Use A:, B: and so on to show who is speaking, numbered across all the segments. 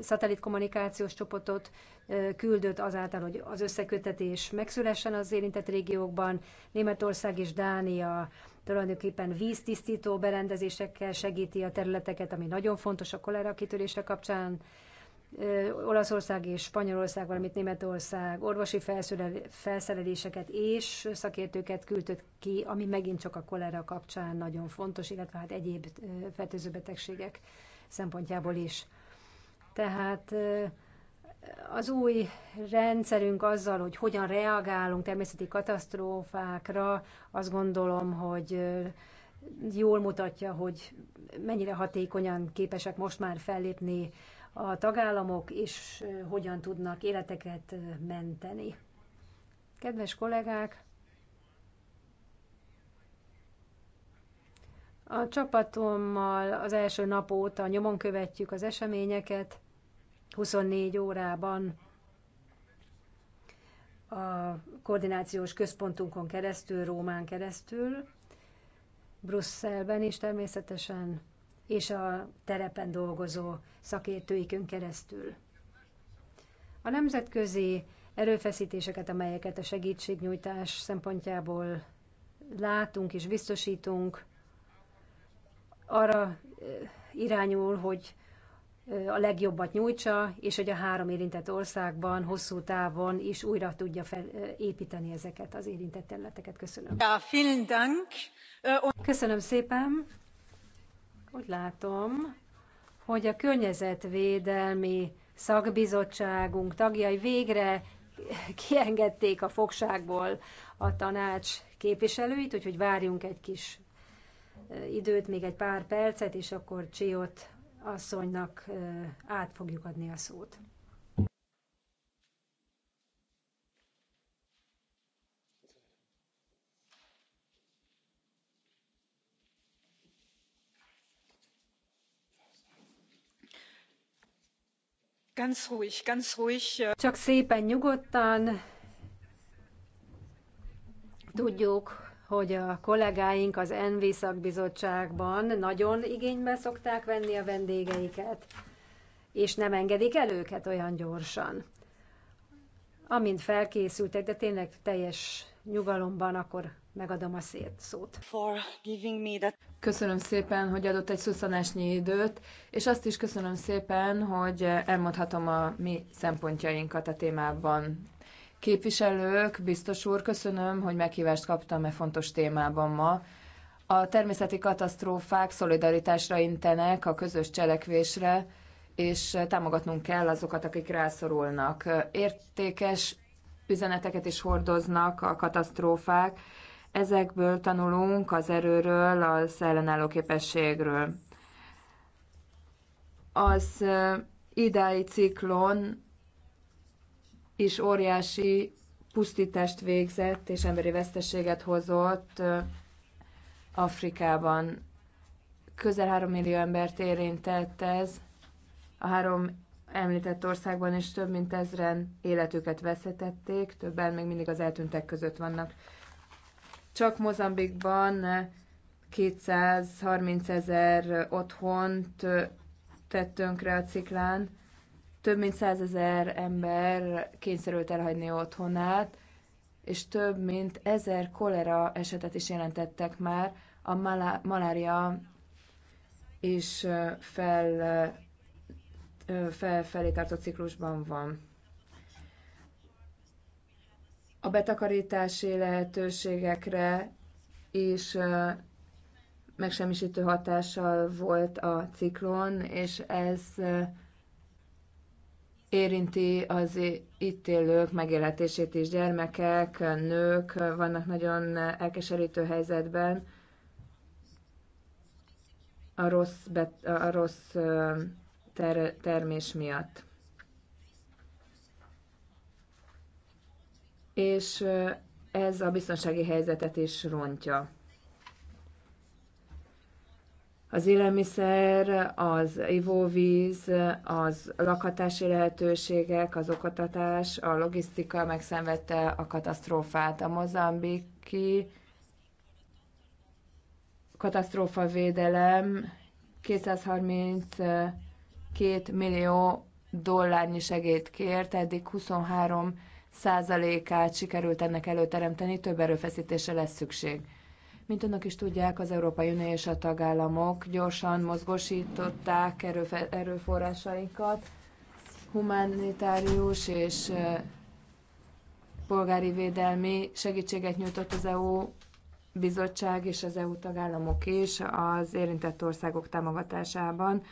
A: szatellit kommunikációs csoportot küldött azáltal, hogy az összekötetés megszülessen az érintett régiókban. Németország és Dánia tulajdonképpen víztisztító berendezésekkel segíti a területeket, ami nagyon fontos a kolera kitörése kapcsán. Olaszország és Spanyolország, valamint Németország orvosi felszereléseket és szakértőket küldött ki, ami megint csak a kolera kapcsán nagyon fontos, illetve hát egyéb fertőző betegségek szempontjából is. Tehát az új rendszerünk azzal, hogy hogyan reagálunk természeti katasztrófákra, azt gondolom, hogy jól mutatja, hogy mennyire hatékonyan képesek most már fellépni a tagállamok, és hogyan tudnak életeket menteni. Kedves kollégák, A csapatommal az első nap óta nyomon követjük az eseményeket, 24 órában a koordinációs központunkon keresztül, Rómán keresztül, Brüsszelben is természetesen, és a terepen dolgozó szakértőikön keresztül. A nemzetközi erőfeszítéseket, amelyeket a segítségnyújtás szempontjából látunk és biztosítunk, arra irányul, hogy a legjobbat nyújtsa, és hogy a három érintett országban hosszú távon is újra tudja felépíteni építeni ezeket az érintett területeket. Köszönöm. Ja, vielen Dank. Köszönöm szépen. Úgy látom, hogy a környezetvédelmi szakbizottságunk tagjai végre kiengedték a fogságból a tanács képviselőit, úgyhogy várjunk egy kis időt, még egy pár percet, és akkor Csiót asszonynak át fogjuk adni a szót. Ganz ruhig, ganz ruhig. Csak szépen, nyugodtan. Tudjuk, hogy a kollégáink az NV szakbizottságban nagyon igénybe szokták venni a vendégeiket, és nem engedik el őket olyan gyorsan. Amint felkészültek, de tényleg teljes nyugalomban, akkor megadom a szét szót.
B: Köszönöm szépen, hogy adott egy szuszanásnyi időt, és azt is köszönöm szépen, hogy elmondhatom a mi szempontjainkat a témában képviselők, biztos úr, köszönöm, hogy meghívást kaptam e fontos témában ma. A természeti katasztrófák szolidaritásra intenek, a közös cselekvésre, és támogatnunk kell azokat, akik rászorulnak. Értékes üzeneteket is hordoznak a katasztrófák, ezekből tanulunk az erőről, az ellenálló képességről. Az eh, idei ciklon is óriási pusztítást végzett és emberi veszteséget hozott Afrikában. Közel három millió embert érintett ez. A három említett országban is több mint ezren életüket veszítették, többen még mindig az eltűntek között vannak. Csak Mozambikban 230 ezer otthont tett tönkre a ciklán, több mint százezer ember kényszerült elhagyni otthonát, és több mint ezer kolera esetet is jelentettek már, a malá- malária és fel, fel, felé tartott ciklusban van. A betakarítási lehetőségekre is megsemmisítő hatással volt a ciklon, és ez érinti az itt élők megélhetését is. Gyermekek, nők vannak nagyon elkeserítő helyzetben. A rossz, bet, a rossz ter, termés miatt. És ez a biztonsági helyzetet is rontja az élelmiszer, az ivóvíz, az lakhatási lehetőségek, az oktatás, a logisztika megszenvedte a katasztrófát. A mozambiki katasztrófavédelem 232 millió dollárnyi segélyt kért, eddig 23 százalékát sikerült ennek előteremteni, több erőfeszítésre lesz szükség. Mint önök is tudják, az Európai Unió és a tagállamok gyorsan mozgosították erőfe- erőforrásaikat, humanitárius és polgári védelmi segítséget nyújtott az EU bizottság és az EU tagállamok is az érintett országok támogatásában.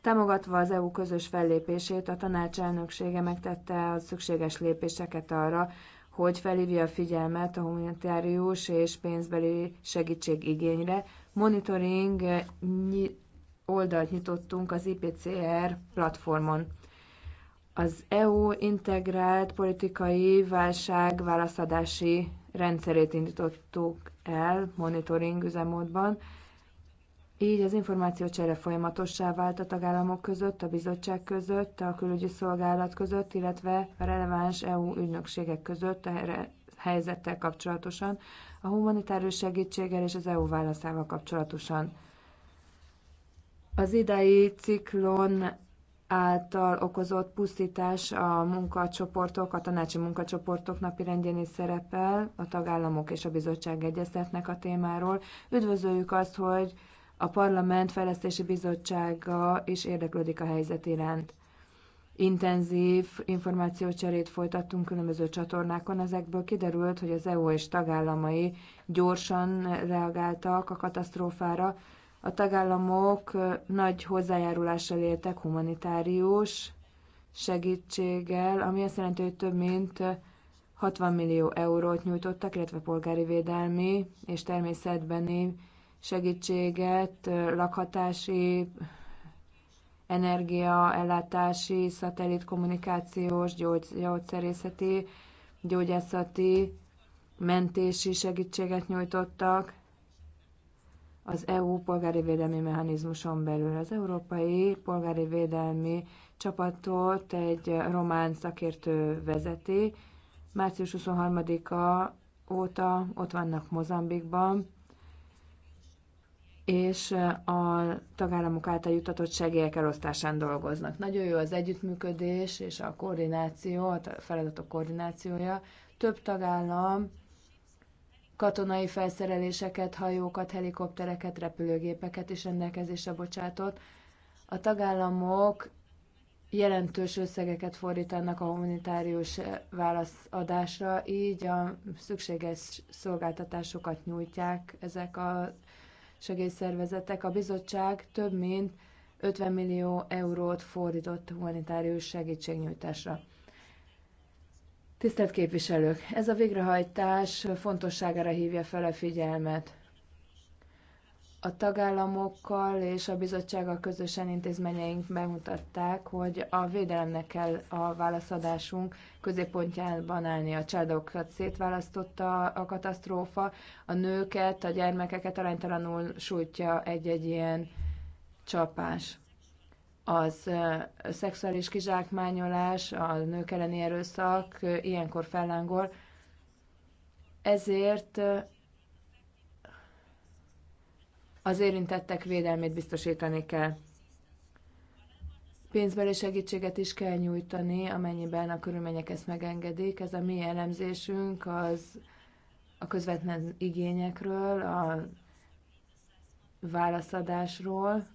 B: Támogatva az EU közös fellépését, a tanács elnöksége megtette a szükséges lépéseket arra, hogy felhívja a figyelmet a humanitárius és pénzbeli segítség igényre. Monitoring eh, oldalt nyitottunk az IPCR platformon. Az EU integrált politikai válaszadási rendszerét indítottuk el monitoring üzemmódban, így az információcsere folyamatossá vált a tagállamok között, a bizottság között, a külügyi szolgálat között, illetve a releváns EU ügynökségek között a helyzettel kapcsolatosan, a humanitárius segítséggel és az EU válaszával kapcsolatosan. Az idei ciklon által okozott pusztítás a munkacsoportok, a tanácsi munkacsoportok napirendjén is szerepel, a tagállamok és a bizottság egyeztetnek a témáról. Üdvözöljük azt, hogy a Parlament Fejlesztési Bizottsága is érdeklődik a helyzet iránt. Intenzív információcserét folytattunk különböző csatornákon, ezekből kiderült, hogy az EU és tagállamai gyorsan reagáltak a katasztrófára. A tagállamok nagy hozzájárulással éltek humanitárius segítséggel, ami azt jelenti, hogy több mint 60 millió eurót nyújtottak, illetve polgári védelmi és természetbeni segítséget, lakhatási, energiaellátási, szatellitkommunikációs, gyógyszerészeti, gyógyászati, mentési segítséget nyújtottak az EU polgári védelmi mechanizmuson belül. Az Európai Polgári Védelmi Csapatot egy román szakértő vezeti. Március 23-a óta ott vannak Mozambikban, és a tagállamok által juttatott segélyek elosztásán dolgoznak. Nagyon jó az együttműködés és a koordináció, a feladatok koordinációja. Több tagállam katonai felszereléseket, hajókat, helikoptereket, repülőgépeket is rendelkezésre bocsátott. A tagállamok jelentős összegeket fordítanak a humanitárius válaszadásra, így a szükséges szolgáltatásokat nyújtják ezek a segélyszervezetek, a bizottság több mint 50 millió eurót fordított humanitárius segítségnyújtásra. Tisztelt képviselők, ez a végrehajtás fontosságára hívja fel a figyelmet a tagállamokkal és a bizottsággal közösen intézményeink bemutatták, hogy a védelemnek kell a válaszadásunk középpontjában állni. A családokat szétválasztotta a katasztrófa, a nőket, a gyermekeket aránytalanul sújtja egy-egy ilyen csapás. Az szexuális kizsákmányolás, a nők elleni erőszak ilyenkor fellángol, ezért az érintettek védelmét biztosítani kell. Pénzbeli segítséget is kell nyújtani, amennyiben a körülmények ezt megengedik. Ez a mi elemzésünk az a közvetlen igényekről, a válaszadásról,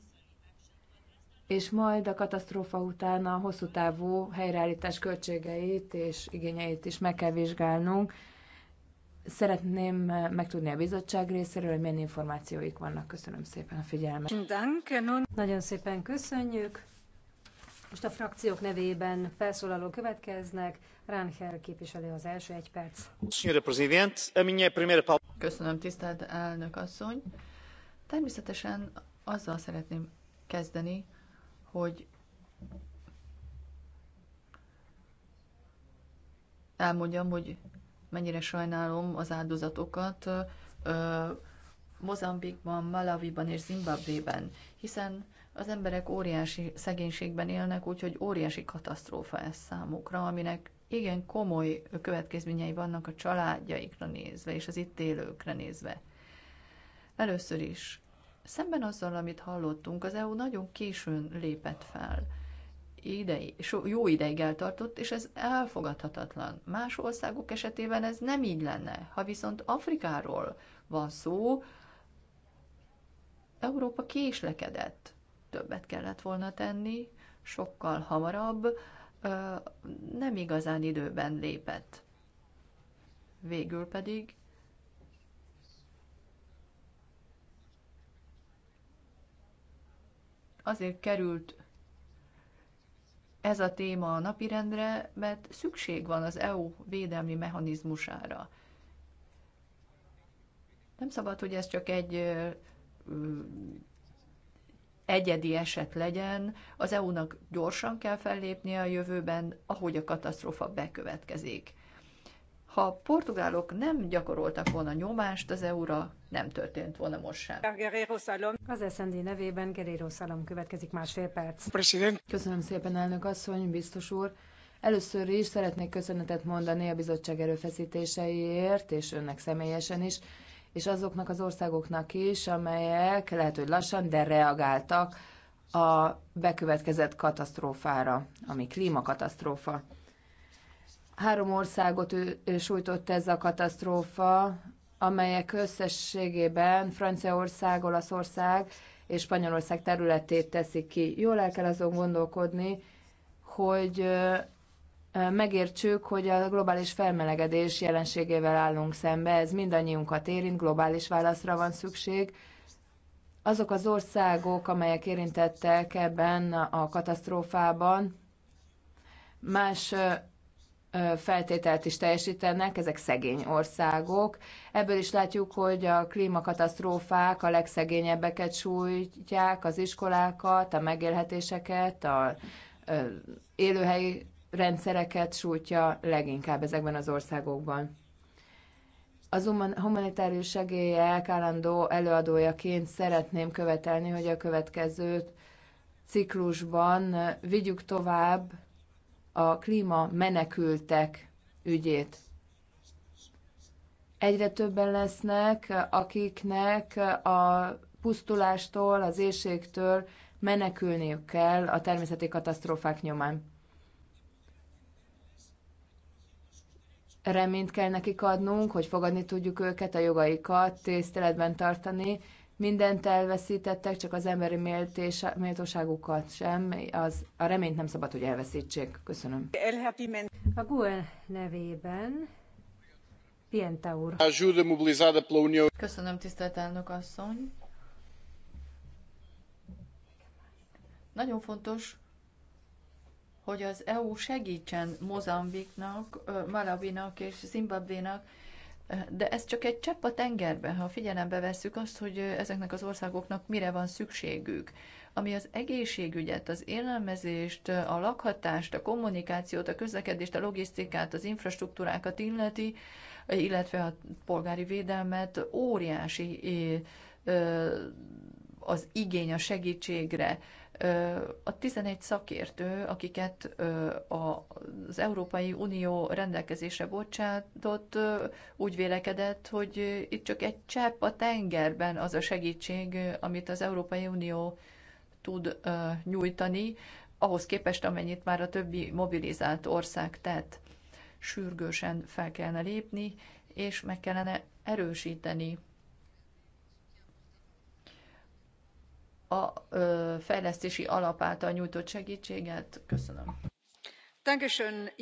B: és majd a katasztrófa után a hosszú távú helyreállítás költségeit és igényeit is meg kell vizsgálnunk. Szeretném eh, megtudni a bizottság részéről, hogy milyen információik vannak. Köszönöm szépen a figyelmet.
A: Eh, Nagyon szépen köszönjük. Most a frakciók nevében felszólaló következnek. Ránhel képviselő az első egy perc.
C: Köszönöm, tisztelt elnök asszony. Természetesen azzal szeretném kezdeni, hogy elmondjam, hogy mennyire sajnálom az áldozatokat Mozambikban, Malawiban és Zimbabvében, hiszen az emberek óriási szegénységben élnek, úgyhogy óriási katasztrófa ez számukra, aminek igen komoly következményei vannak a családjaikra nézve, és az itt élőkre nézve. Először is, szemben azzal, amit hallottunk, az EU nagyon későn lépett fel – idei, so, jó ideig eltartott, és ez elfogadhatatlan. Más országok esetében ez nem így lenne. Ha viszont Afrikáról van szó, Európa késlekedett. Többet kellett volna tenni, sokkal hamarabb, nem igazán időben lépett. Végül pedig azért került ez a téma a napirendre, mert szükség van az EU védelmi mechanizmusára. Nem szabad, hogy ez csak egy egyedi eset legyen, az EU-nak gyorsan kell fellépnie a jövőben, ahogy a katasztrófa bekövetkezik. Ha a portugálok nem gyakoroltak volna nyomást az EU-ra, nem történt volna most sem.
B: Az SND nevében Guerrero Szalom következik másfél perc. Köszönöm szépen, elnök asszony, biztos úr. Először is szeretnék köszönetet mondani a bizottság erőfeszítéseiért, és önnek személyesen is, és azoknak az országoknak is, amelyek lehet, hogy lassan, de reagáltak a bekövetkezett katasztrófára, ami klímakatasztrófa. Három országot sújtott ez a katasztrófa, amelyek összességében Franciaország, Olaszország és Spanyolország területét teszik ki. Jól el kell azon gondolkodni, hogy megértsük, hogy a globális felmelegedés jelenségével állunk szembe, ez mindannyiunkat érint, globális válaszra van szükség. Azok az országok, amelyek érintettek ebben a katasztrófában, más feltételt is teljesítenek, ezek szegény országok. Ebből is látjuk, hogy a klímakatasztrófák a legszegényebbeket sújtják, az iskolákat, a megélhetéseket, a élőhelyi rendszereket sújtja leginkább ezekben az országokban. Az humanitárius segélyek állandó előadójaként szeretném követelni, hogy a következő ciklusban vigyük tovább a klíma menekültek ügyét. Egyre többen lesznek, akiknek a pusztulástól, az éjségtől menekülniük kell a természeti katasztrófák nyomán. Reményt kell nekik adnunk, hogy fogadni tudjuk őket, a jogaikat tiszteletben tartani, mindent elveszítettek, csak az emberi méltés, méltóságukat sem. Az, a reményt nem szabad, hogy elveszítsék. Köszönöm.
A: A GUE nevében
C: Pienta úr. Köszönöm, tisztelt elnök asszony. Nagyon fontos, hogy az EU segítsen Mozambiknak, Malawinak és Zimbabvénak, de ez csak egy csepp a tengerben, ha figyelembe vesszük azt, hogy ezeknek az országoknak mire van szükségük. Ami az egészségügyet, az élelmezést, a lakhatást, a kommunikációt, a közlekedést, a logisztikát, az infrastruktúrákat illeti, illetve a polgári védelmet óriási az igény a segítségre. A 11 szakértő, akiket az Európai Unió rendelkezésre bocsátott, úgy vélekedett, hogy itt csak egy csepp a tengerben az a segítség, amit az Európai Unió tud nyújtani, ahhoz képest, amennyit már a többi mobilizált ország tett. Sürgősen fel kellene lépni, és meg kellene erősíteni a fejlesztési alap által nyújtott segítséget. Köszönöm.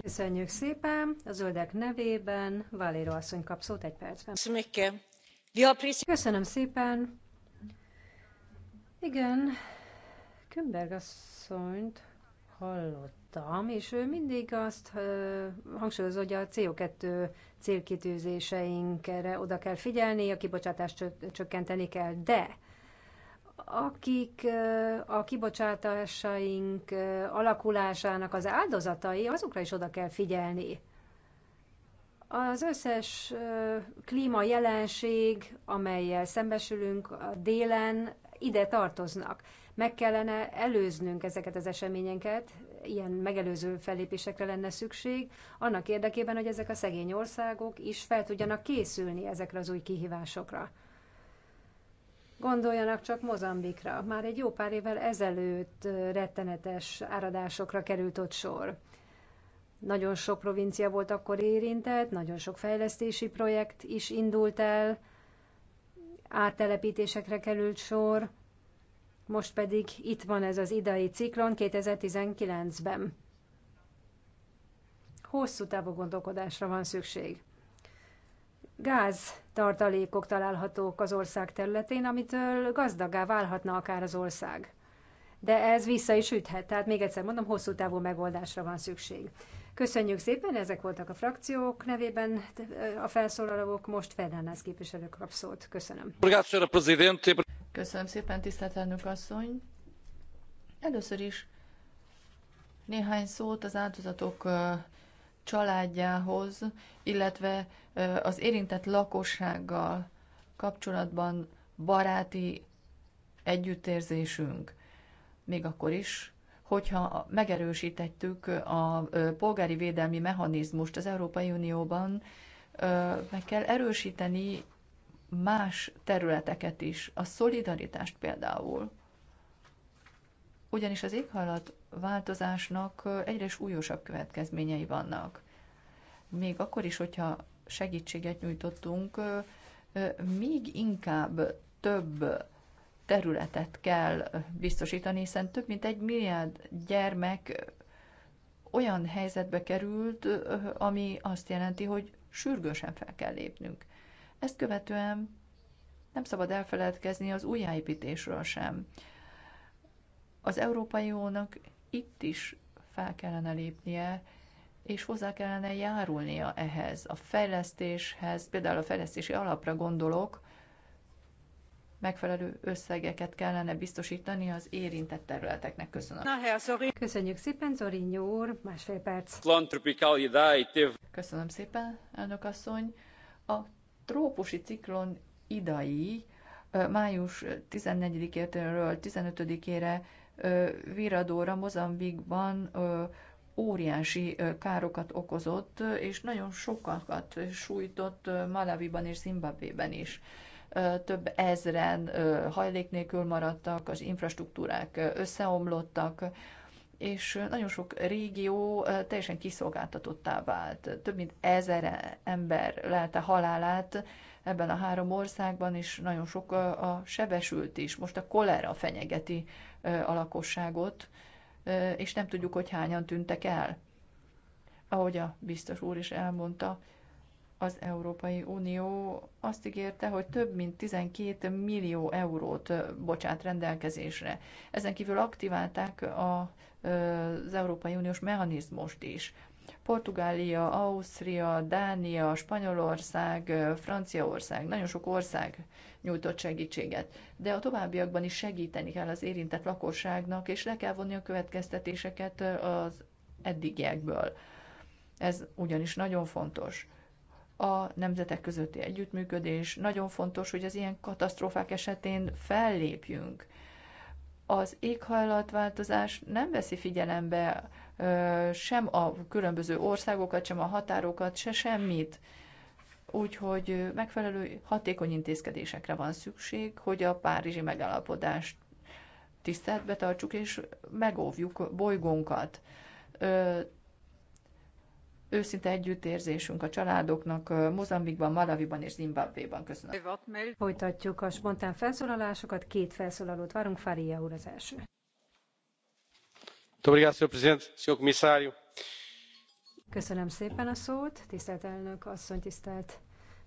C: Köszönjük szépen. A zöldek nevében Valéro
A: asszony kap szót egy percben. Köszönöm szépen. Igen, Kümberg asszonyt hallottam, és ő mindig azt hangsúlyozza, hogy a CO2 célkitűzéseinkre oda kell figyelni, a kibocsátást csökkenteni kell, de akik a kibocsátásaink alakulásának az áldozatai, azokra is oda kell figyelni. Az összes klímajelenség, amelyel szembesülünk a délen, ide tartoznak. Meg kellene előznünk ezeket az eseményeket, ilyen megelőző fellépésekre lenne szükség, annak érdekében, hogy ezek a szegény országok is fel tudjanak készülni ezekre az új kihívásokra. Gondoljanak csak Mozambikra. Már egy jó pár évvel ezelőtt rettenetes áradásokra került ott sor. Nagyon sok provincia volt akkor érintett, nagyon sok fejlesztési projekt is indult el, áttelepítésekre került sor, most pedig itt van ez az idei ciklon 2019-ben. Hosszú távú gondolkodásra van szükség gáz tartalékok találhatók az ország területén, amitől gazdagá válhatna akár az ország. De ez vissza is üthet, tehát még egyszer mondom, hosszú távú megoldásra van szükség. Köszönjük szépen, ezek voltak a frakciók nevében
C: a felszólalók, most Fernández képviselő kap szót. Köszönöm. Köszönöm szépen, tisztelt elnök asszony. Először is néhány szót az áldozatok családjához, illetve az érintett lakossággal kapcsolatban baráti együttérzésünk, még akkor is, hogyha megerősítettük a polgári védelmi mechanizmust az Európai Unióban, meg kell erősíteni más területeket is, a szolidaritást például. Ugyanis az éghajlat változásnak egyre súlyosabb következményei vannak. Még akkor is, hogyha segítséget nyújtottunk, még inkább több területet kell biztosítani, hiszen több mint egy milliárd gyermek olyan helyzetbe került, ami azt jelenti, hogy sürgősen fel kell lépnünk. Ezt követően nem szabad elfeledkezni az újjáépítésről sem. Az Európai Uniónak itt is fel kellene lépnie, és hozzá kellene járulnia ehhez, a fejlesztéshez, például a fejlesztési alapra gondolok, megfelelő összegeket kellene biztosítani az érintett területeknek. Köszönöm. Köszönjük szépen, Zorinyó úr, másfél perc. Köszönöm szépen, elnök asszony. A trópusi ciklon idai május 14-től 15-ére viradóra Mozambikban óriási károkat okozott, és nagyon sokakat sújtott Malaviban és Zimbabvében is. Több ezren hajlék nélkül maradtak, az infrastruktúrák összeomlottak, és nagyon sok régió teljesen kiszolgáltatottá vált. Több mint ezer ember lelte halálát ebben a három országban, és nagyon sok a, a sebesült is. Most a kolera fenyegeti a lakosságot, és nem tudjuk, hogy hányan tűntek el. Ahogy a biztos úr is elmondta, az Európai Unió azt ígérte, hogy több mint 12 millió eurót bocsát rendelkezésre. Ezen kívül aktiválták a, az Európai Uniós mechanizmust is. Portugália, Ausztria, Dánia, Spanyolország, Franciaország, nagyon sok ország nyújtott segítséget. De a továbbiakban is segíteni kell az érintett lakosságnak, és le kell vonni a következtetéseket az eddigiekből. Ez ugyanis nagyon fontos. A nemzetek közötti együttműködés nagyon fontos, hogy az ilyen katasztrófák esetén fellépjünk. Az éghajlatváltozás nem veszi figyelembe sem a különböző országokat, sem a határokat, se semmit. Úgyhogy megfelelő hatékony intézkedésekre van szükség, hogy a párizsi megállapodást tiszteletbe tartsuk és megóvjuk bolygónkat. Ö, őszinte együttérzésünk a családoknak Mozambikban, Malaviban és Zimbabvéban. Köszönöm. Folytatjuk a spontán felszólalásokat. Két
A: felszólalót várunk. Fária úr az első köszönöm szépen a szót tisztelt elnök asszony tisztelt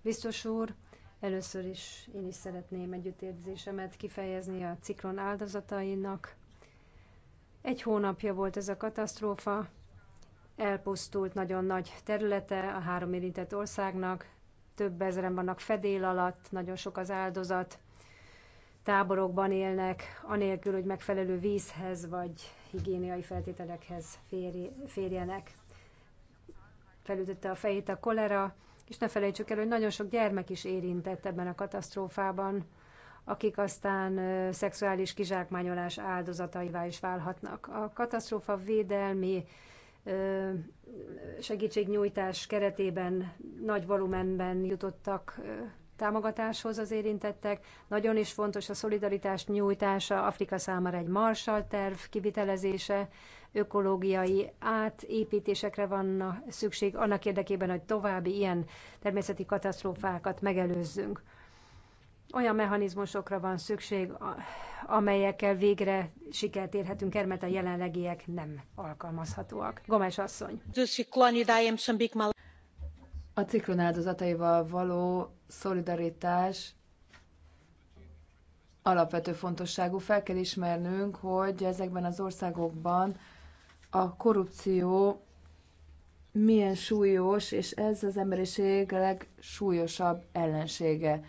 A: biztos úr! először is én is szeretném együttérzésemet kifejezni a ciklon áldozatainak. egy hónapja volt ez a katasztrófa elpusztult nagyon nagy területe a három érintett országnak több ezeren vannak fedél alatt nagyon sok az áldozat táborokban élnek, anélkül, hogy megfelelő vízhez vagy higiéniai feltételekhez férjenek. Felütötte a fejét a kolera, és ne felejtsük el, hogy nagyon sok gyermek is érintett ebben a katasztrófában, akik aztán szexuális kizsákmányolás áldozataivá is válhatnak. A katasztrófa védelmi segítségnyújtás keretében nagy volumenben jutottak támogatáshoz az érintettek. Nagyon is fontos a szolidaritás nyújtása, Afrika számára egy Marshall terv kivitelezése, ökológiai átépítésekre van szükség annak érdekében, hogy további ilyen természeti katasztrófákat megelőzzünk. Olyan mechanizmusokra van szükség, amelyekkel végre sikert érhetünk el, mert a jelenlegiek nem alkalmazhatóak. Gomes asszony.
B: A ciklon áldozataival való szolidaritás alapvető fontosságú. Fel kell ismernünk, hogy ezekben az országokban a korrupció milyen súlyos, és ez az emberiség legsúlyosabb ellensége.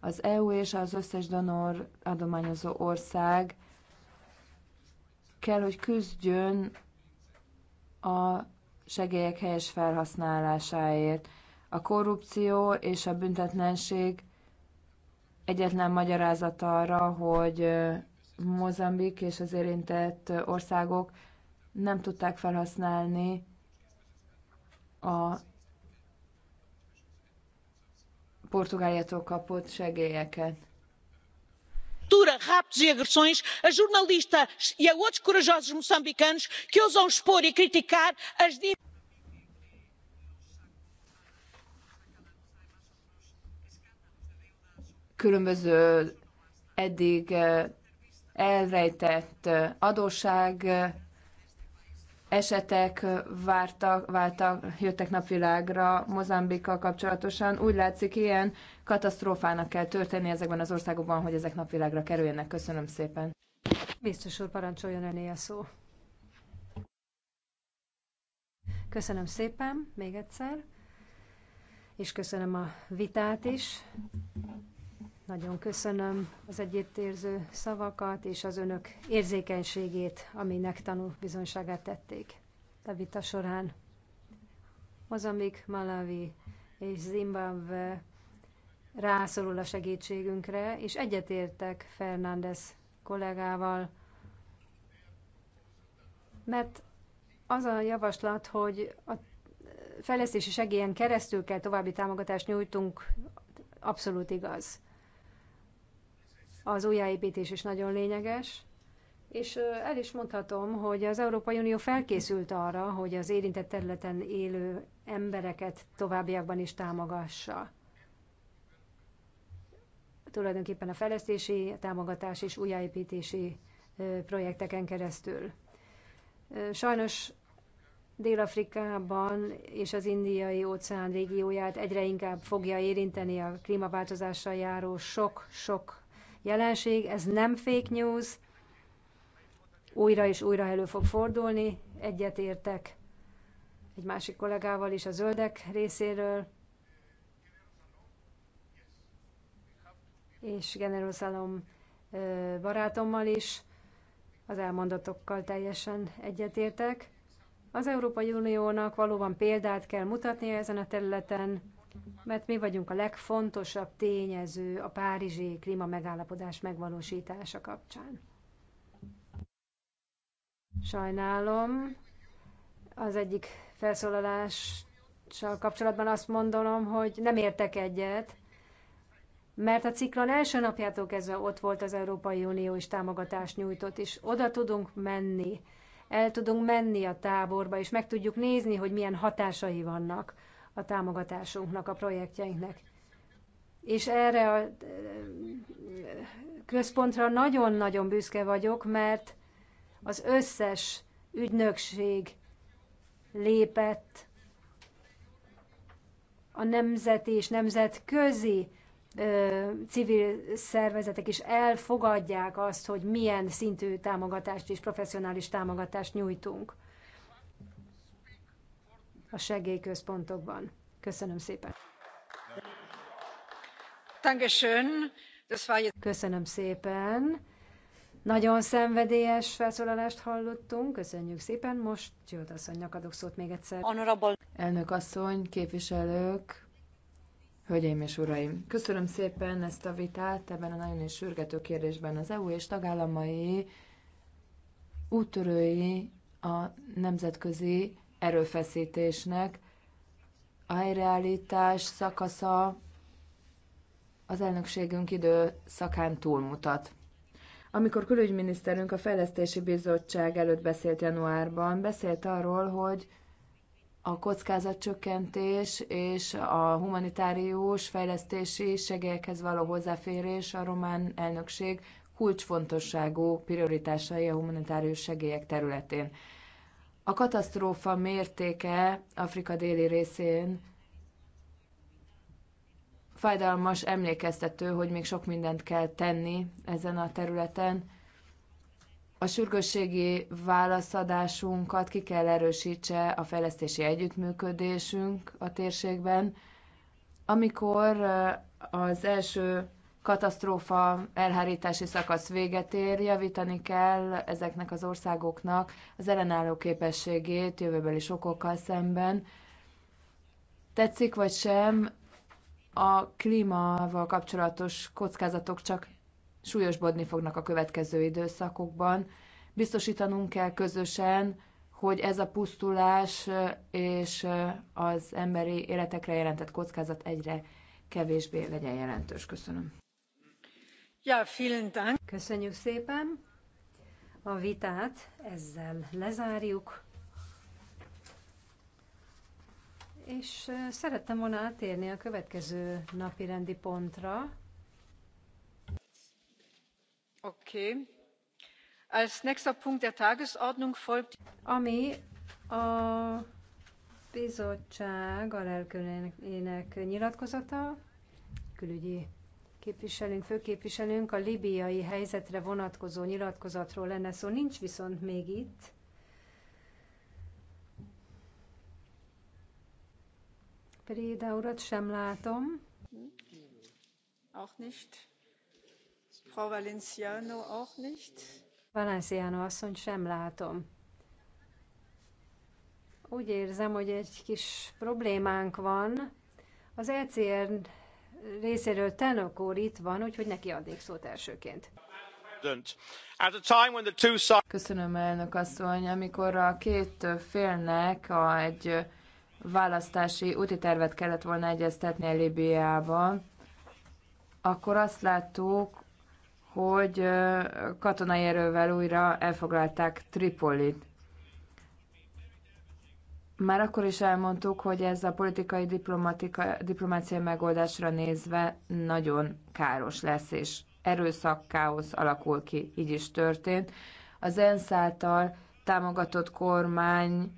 B: Az EU és az összes donor adományozó ország kell, hogy küzdjön a segélyek helyes felhasználásáért. A korrupció és a büntetlenség egyetlen magyarázata arra, hogy Mozambik és az érintett országok nem tudták felhasználni a Portugáliától kapott segélyeket. Tortura, raptos e agressões a jornalista e a outros corajosos moçambicanos que ousam expor e criticar as különböző eddig eh, elrejtett eh, adósság eh, esetek vártak, váltak, jöttek napvilágra Mozambikkal kapcsolatosan. Úgy látszik, ilyen katasztrófának kell történni ezekben az országokban, hogy ezek napvilágra kerüljenek. Köszönöm szépen.
A: Biztos úr, parancsoljon öné a szó. Köszönöm szépen még egyszer, és köszönöm a vitát is. Nagyon köszönöm az együttérző szavakat és az önök érzékenységét, aminek bizonyságát tették a vita során. Mozambik, Malawi és Zimbabwe rászorul a segítségünkre, és egyetértek Fernández kollégával, mert az a javaslat, hogy a fejlesztési segélyen keresztül kell további támogatást nyújtunk, abszolút igaz az újjáépítés is nagyon lényeges, és el is mondhatom, hogy az Európai Unió felkészült arra, hogy az érintett területen élő embereket továbbiakban is támogassa. Tulajdonképpen a fejlesztési, támogatás és újjáépítési projekteken keresztül. Sajnos Dél-Afrikában és az indiai óceán régióját egyre inkább fogja érinteni a klímaváltozással járó sok-sok jelenség, ez nem fake news, újra és újra elő fog fordulni, egyetértek egy másik kollégával is a zöldek részéről, és General Salom barátommal is, az elmondatokkal teljesen egyetértek. Az Európai Uniónak valóban példát kell mutatnia ezen a területen, mert mi vagyunk a legfontosabb tényező a párizsi klíma megállapodás megvalósítása kapcsán. Sajnálom, az egyik felszólalással kapcsolatban azt mondom, hogy nem értek egyet, mert a ciklon első napjától kezdve ott volt az Európai Unió is támogatást nyújtott, és oda tudunk menni, el tudunk menni a táborba, és meg tudjuk nézni, hogy milyen hatásai vannak a támogatásunknak, a projektjeinknek. És erre a eh, központra nagyon-nagyon büszke vagyok, mert az összes ügynökség lépett a nemzeti és nemzetközi ö, civil szervezetek is elfogadják azt, hogy milyen szintű támogatást és professzionális támogatást nyújtunk a segélyközpontokban. Köszönöm szépen! Köszönöm szépen! Nagyon szenvedélyes felszólalást hallottunk, köszönjük szépen. Most Csilt
B: asszonynak adok szót még egyszer. Elnök asszony, képviselők, Hölgyeim és uraim, köszönöm szépen ezt a vitát ebben a nagyon is sürgető kérdésben. Az EU és tagállamai úttörői a nemzetközi erőfeszítésnek. A helyreállítás szakasza az elnökségünk időszakán túlmutat. Amikor külügyminiszterünk a Fejlesztési Bizottság előtt beszélt januárban, beszélt arról, hogy a kockázatcsökkentés és a humanitárius fejlesztési segélyekhez való hozzáférés a román elnökség kulcsfontosságú prioritásai a humanitárius segélyek területén. A katasztrófa mértéke Afrika déli részén fájdalmas emlékeztető, hogy még sok mindent kell tenni ezen a területen. A sürgősségi válaszadásunkat ki kell erősítse a fejlesztési együttműködésünk a térségben. Amikor eh, az első katasztrófa elhárítási szakasz véget ér, javítani kell ezeknek az országoknak az ellenálló képességét jövőbeli sokokkal szemben. Tetszik vagy sem, a klímával kapcsolatos kockázatok csak súlyosbodni fognak a következő időszakokban. Biztosítanunk kell közösen, hogy ez a pusztulás és az emberi életekre jelentett kockázat egyre kevésbé legyen jelentős. Köszönöm.
A: Ja, vielen Dank. Köszönjük szépen. A vitát ezzel lezárjuk. És szerettem volna átérni a következő napi rendi pontra. Oké. Okay. Als nächster Punkt der Tagesordnung folgt... Ami a bizottság alelkülének nyilatkozata, külügyi Képviselünk főképviselünk a libiai helyzetre vonatkozó nyilatkozatról lenne szó, szóval nincs viszont még itt. Préda urat sem látom. Auch nicht. Frau Valenciano auch nicht. Valenciano asszony sem látom. Úgy érzem, hogy egy kis problémánk van. Az ECR
B: részéről Tenok úr itt van, úgyhogy neki adnék szót elsőként. Köszönöm, elnök asszony. Amikor a két félnek a, egy választási úti tervet kellett volna egyeztetni Libiában, akkor azt láttuk, hogy katonai erővel újra elfoglalták Tripolit. Már akkor is elmondtuk, hogy ez a politikai diplomácia megoldásra nézve nagyon káros lesz, és erőszakkáosz alakul ki, így is történt. Az ENSZ által támogatott kormány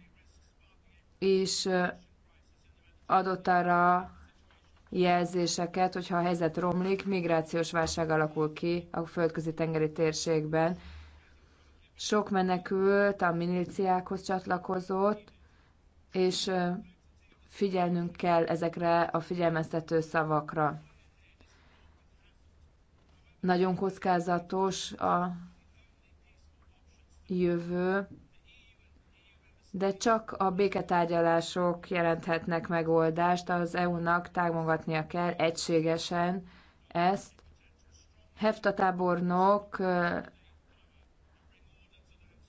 B: is adott arra jelzéseket, hogyha a helyzet romlik, migrációs válság alakul ki a földközi tengeri térségben. Sok menekült a miliciákhoz csatlakozott, és figyelnünk kell ezekre a figyelmeztető szavakra. Nagyon kockázatos a jövő, de csak a béketárgyalások jelenthetnek megoldást, az EU-nak támogatnia kell egységesen ezt. Hefta tábornok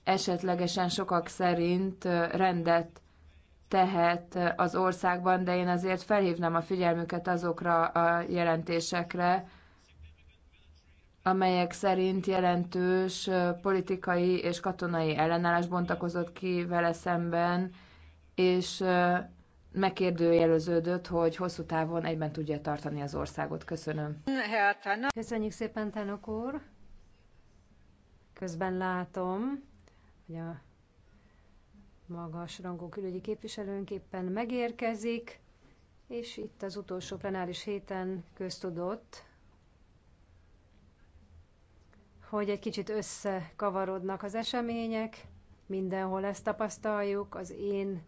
B: esetlegesen sokak szerint rendet tehet eh, az országban, de én azért felhívnám a figyelmüket azokra a jelentésekre, amelyek szerint jelentős eh, politikai és katonai ellenállás bontakozott ki vele szemben, és eh, megkérdőjeleződött, hogy hosszú távon egyben tudja tartani az országot. Köszönöm.
A: Köszönjük szépen, Tenok úr. Közben látom, hogy a magas rangú külügyi képviselőnk éppen megérkezik, és itt az utolsó plenáris héten köztudott, hogy egy kicsit összekavarodnak az események, mindenhol ezt tapasztaljuk, az én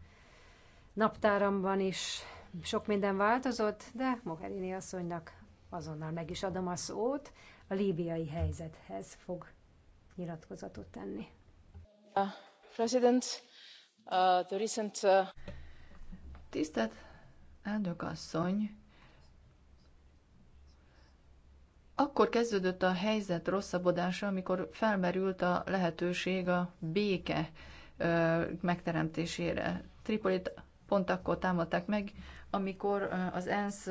A: naptáramban is sok minden változott, de Mogherini asszonynak azonnal meg is adom a szót, a líbiai helyzethez fog nyilatkozatot tenni.
B: Uh, president, Uh,
C: uh, Tisztelt elnök asszony! Akkor kezdődött a helyzet rosszabbodása, amikor felmerült a lehetőség a béke megteremtésére. Tripolit pont akkor támadták meg, amikor az ENSZ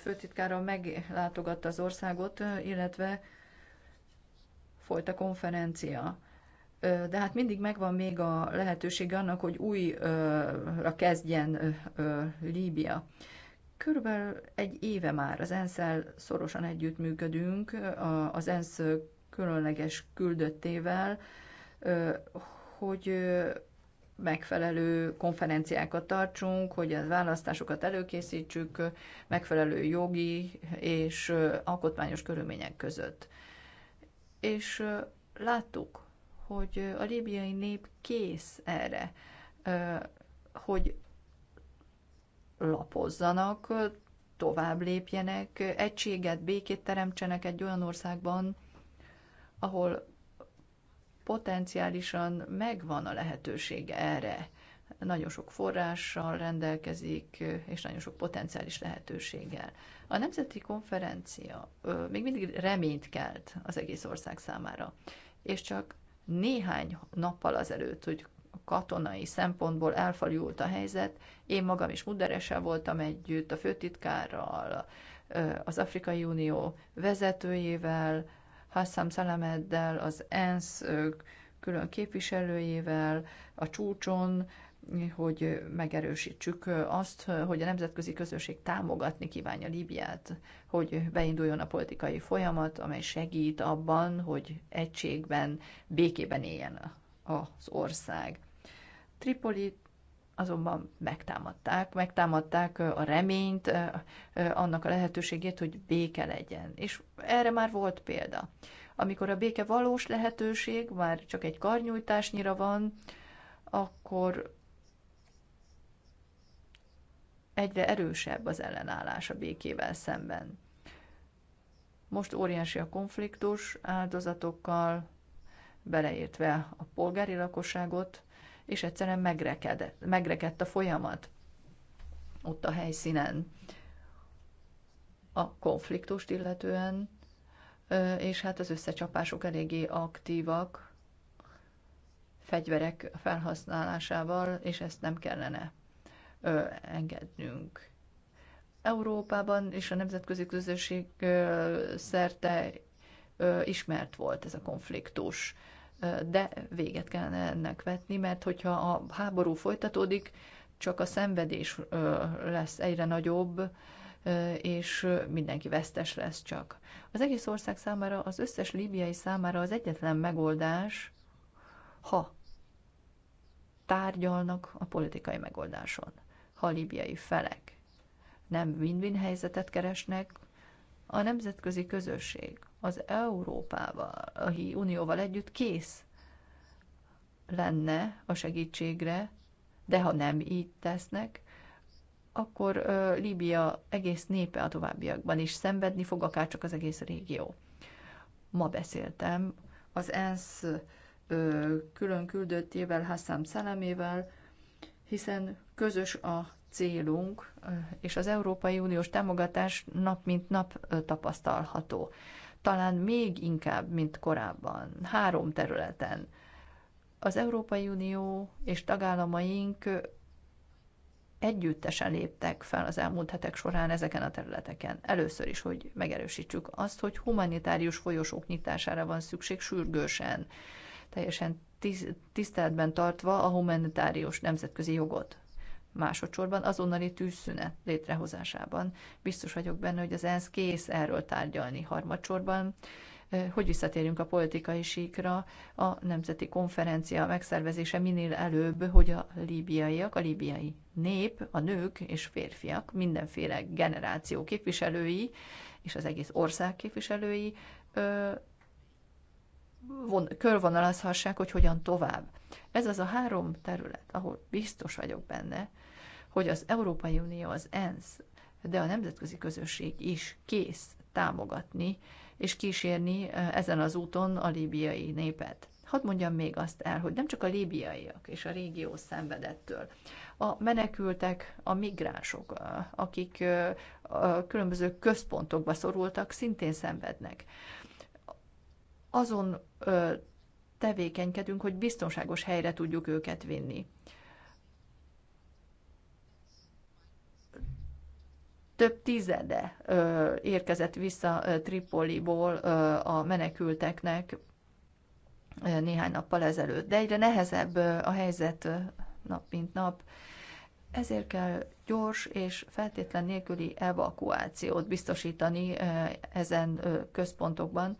C: főtitkára meglátogatta az országot, illetve folyt a konferencia de hát mindig megvan még a lehetőség annak, hogy újra kezdjen Líbia. Körülbelül egy éve már az ensz szorosan együttműködünk, az ENSZ különleges küldöttével, hogy megfelelő konferenciákat tartsunk, hogy a választásokat előkészítsük megfelelő jogi és alkotmányos körülmények között. És láttuk, hogy a líbiai nép kész erre, hogy lapozzanak, tovább lépjenek, egységet, békét teremtsenek egy olyan országban, ahol potenciálisan megvan a lehetőség erre. Nagyon sok forrással rendelkezik, és nagyon sok potenciális lehetőséggel. A nemzeti konferencia még mindig reményt kelt az egész ország számára, és csak néhány nappal azelőtt, hogy katonai szempontból elfajult a helyzet, én magam is Muderessel voltam együtt, a főtitkárral, az Afrikai Unió vezetőjével, Hassam Salameddel, az ENSZ külön képviselőjével, a csúcson hogy megerősítsük azt, hogy a nemzetközi közösség támogatni kívánja Líbiát, hogy beinduljon a politikai folyamat, amely segít abban, hogy egységben, békében éljen az ország. Tripoli azonban megtámadták, megtámadták a reményt, annak a lehetőségét, hogy béke legyen. És erre már volt példa. Amikor a béke valós lehetőség, már csak egy karnyújtásnyira van, akkor egyre erősebb az ellenállás a békével szemben. Most óriási a konfliktus áldozatokkal, beleértve a polgári lakosságot, és egyszerűen megrekedt a folyamat ott a helyszínen a konfliktust illetően, és hát az összecsapások eléggé aktívak fegyverek felhasználásával, és ezt nem kellene ö, engednünk. Európában és a nemzetközi közösség ö, szerte ö, ismert volt ez a konfliktus, de véget kellene ennek vetni, mert hogyha a háború folytatódik, csak a szenvedés lesz egyre nagyobb, és mindenki vesztes lesz csak. Az egész ország számára, az összes líbiai számára az egyetlen megoldás, ha tárgyalnak a politikai megoldáson ha felek nem win-win helyzetet keresnek, a nemzetközi közösség az Európával, a Unióval együtt kész lenne a segítségre, de ha nem így tesznek, akkor uh, Líbia egész népe a továbbiakban is szenvedni fog, akár csak az egész régió. Ma beszéltem az ENSZ uh, külön küldöttével, Hassan Szelemével, hiszen Közös a célunk, és az Európai Uniós támogatás nap mint nap tapasztalható. Talán még inkább, mint korábban, három területen. Az Európai Unió és tagállamaink együttesen léptek fel az elmúlt hetek során ezeken a területeken. Először is, hogy megerősítsük azt, hogy humanitárius folyosók nyitására van szükség sürgősen, teljesen tiszteletben tartva a humanitárius nemzetközi jogot másodszorban azonnali tűzszünet létrehozásában. Biztos vagyok benne, hogy az ENSZ kész erről tárgyalni harmadsorban, hogy visszatérjünk a politikai síkra, a nemzeti konferencia megszervezése minél előbb, hogy a líbiaiak, a líbiai nép, a nők és férfiak, mindenféle generáció képviselői és az egész ország képviselői von, körvonalazhassák, hogy hogyan tovább. Ez az a három terület, ahol biztos vagyok benne, hogy az Európai Unió, az ENSZ, de a nemzetközi közösség is kész támogatni és kísérni ezen az úton a líbiai népet. Hadd mondjam még azt el, hogy nem csak a líbiaiak és a régió szenvedettől. A menekültek, a migránsok, akik a különböző központokba szorultak, szintén szenvednek. Azon tevékenykedünk, hogy biztonságos helyre tudjuk őket vinni. több tizede ö, érkezett vissza ö, Tripoliból ö, a menekülteknek ö, néhány nappal ezelőtt. De egyre nehezebb ö, a helyzet ö, nap mint nap. Ezért kell gyors és feltétlen nélküli evakuációt biztosítani ezen központokban,